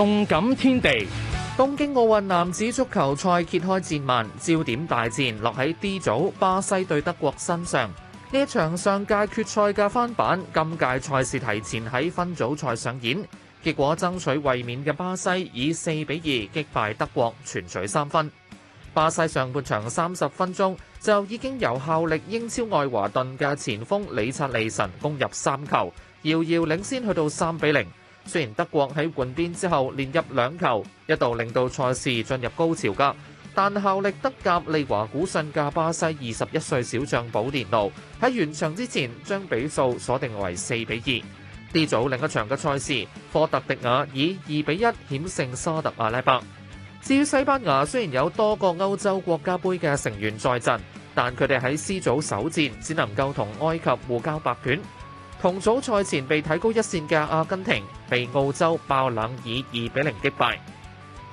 動感天地，東京奧運男子足球賽揭開戰幕，焦點大戰落喺 D 組，巴西對德國身上。呢場上屆決賽嘅翻版，今屆賽事提前喺分組賽上演，結果爭取衛冕嘅巴西以四比二擊敗德國，全取三分。巴西上半場三十分鐘就已經由效力英超愛華頓嘅前鋒李察利臣攻入三球，遙遙領先去到三比零。雖然德國喺換邊之後連入兩球，一度令到賽事進入高潮噶，但效力德甲利華古信嘅巴西二十一歲小將保連奴喺完場之前將比數鎖定為四比二。D 組另一場嘅賽事，科特迪瓦以二比一險勝沙特阿拉伯。至於西班牙，雖然有多個歐洲國家杯嘅成員在陣，但佢哋喺 C 組首戰只能夠同埃及互交白卷。同組賽前被睇高一線嘅阿根廷，被澳洲爆冷以二比零擊敗。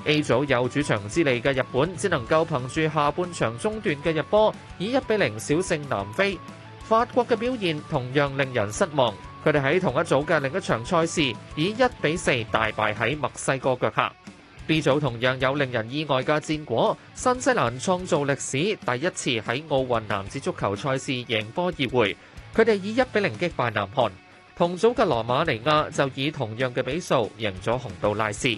A 組有主場之利嘅日本，只能夠憑住下半場中段嘅入波，以一比零小勝南非。法國嘅表現同樣令人失望，佢哋喺同一組嘅另一場賽事，以一比四大敗喺墨西哥腳下。B 組同樣有令人意外嘅戰果，新西蘭創造歷史，第一次喺奧運男子足球賽事贏波而回。佢哋以一比零擊敗南韓，同組嘅羅馬尼亞就以同樣嘅比數贏咗洪都拉斯。